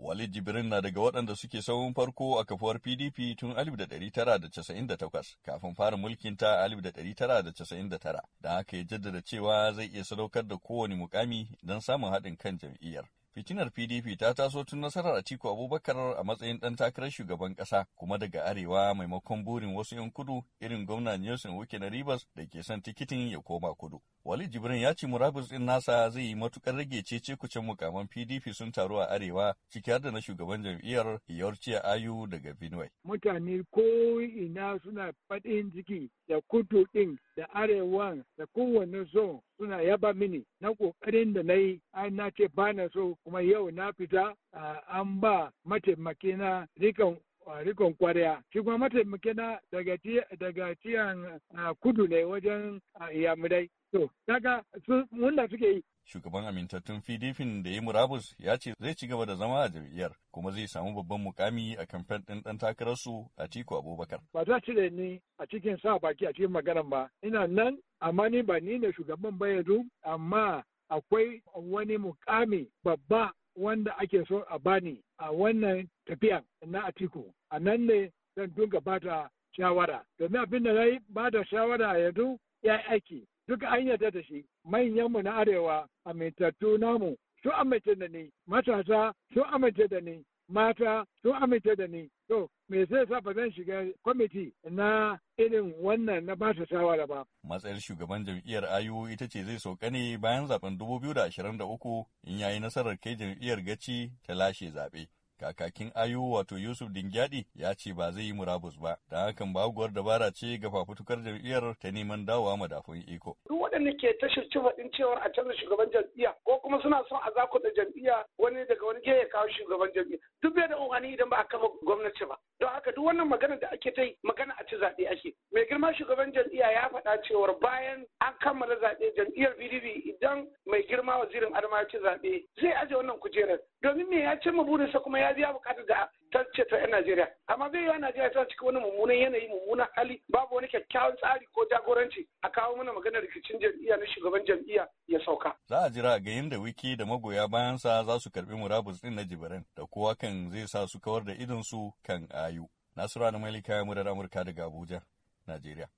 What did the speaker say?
Walid Jibrin na daga waɗanda suke saurin farko a kafuwar PDP tun 1998 kafin fara mulkin ta 1999 da haka ya jaddada cewa zai iya sadaukar da kowane mukami don samun haɗin kan jam'iyyar. Fitinar PDP ta taso tun nasarar Atiku Abubakar a matsayin ɗan takarar shugaban ƙasa kuma daga arewa maimakon burin wasu 'yan kudu irin gwamna Nelson Wuke na Rivers da ke son tikitin ya koma kudu. Wali Jibrin ya ce murabus ɗin nasa zai yi matukar rage cece kucin mukaman PDP sun taru a Arewa ciki har da na shugaban jam'iyyar Yorciya Ayu daga Benue. Mutane ko ina suna faɗin jiki da kudu ɗin da arewa da kowane so suna yaba mini na ƙoƙarin da na yi an na ce ba na so kuma yau na fita an ba mataimakina rikan rikon kwariya. shi kuma mataimaki daga ciyan kudu ne wajen yamurai to su wanda suke yi shugaban amintattun pdp da ya murabus ya ce zai ci gaba da zama a jam'iyyar kuma zai samu babban mukami a kamfen ɗin ɗan takararsu a tiku abubakar ba za cire ni a cikin sa baki a cikin maganan ba ina nan amma ni ba ni ne shugaban ba yanzu amma akwai wani mukami babba wanda ake so a bani a wannan tafiya na atiku a nan ne zan dunga bata shawara domin abin da na yi bada shawara yanzu ya aiki duk an yarda da shi manyanmu na arewa amintattu namu su amince da ni matasa su amince da ni mata su amince da ni to me zai sa ba zan shiga kwamiti na irin wannan na ba su shawara ba. Matsayar shugaban jam'iyyar ayu ita ce zai sauka ne bayan zaben 2023 in yayi nasarar kai jam'iyyar gaci ta lashe zaɓe. kakakin ayo wato Yusuf Dingyadi ya ce ba zai yi murabus ba, da hakan baguwar dabara ce ga fafutukar jam'iyyar ta neman dawowa madafun iko. Duk waɗanda ke ta shirci faɗin cewar a canza shugaban jam'iyya ko kuma suna son a zakuta jam'iyya wani daga wani ya kawo shugaban jam'iyya duk bai da umarni idan ba a kama gwamnati ba. don haka duk wannan magana da ake ta yi magana a ci zaɓe ake mai girma shugaban jam'iyya ya faɗa cewar bayan an kammala zaɓe jam'iyyar pdp idan mai girma wazirin adama ya ci zaɓe zai aje wannan kujerar domin me ya cimma burinsa kuma ya biya buƙatar da ta ce ta 'yan Najeriya. Amma zai yiwa Najeriya ta cika wani mummunan yanayi mummunan hali babu wani kyakkyawan tsari ko jagoranci a kawo mana maganar rikicin jam'iyya na shugaban jam'iyya ya sauka. Za a jira ga da wiki da magoya bayansa za su karbi murabus din na jibirin da kowa kan zai sa su kawar da idon su kan ayu. Nasiru Adamalika ya murar Amurka daga Abuja, Najeriya.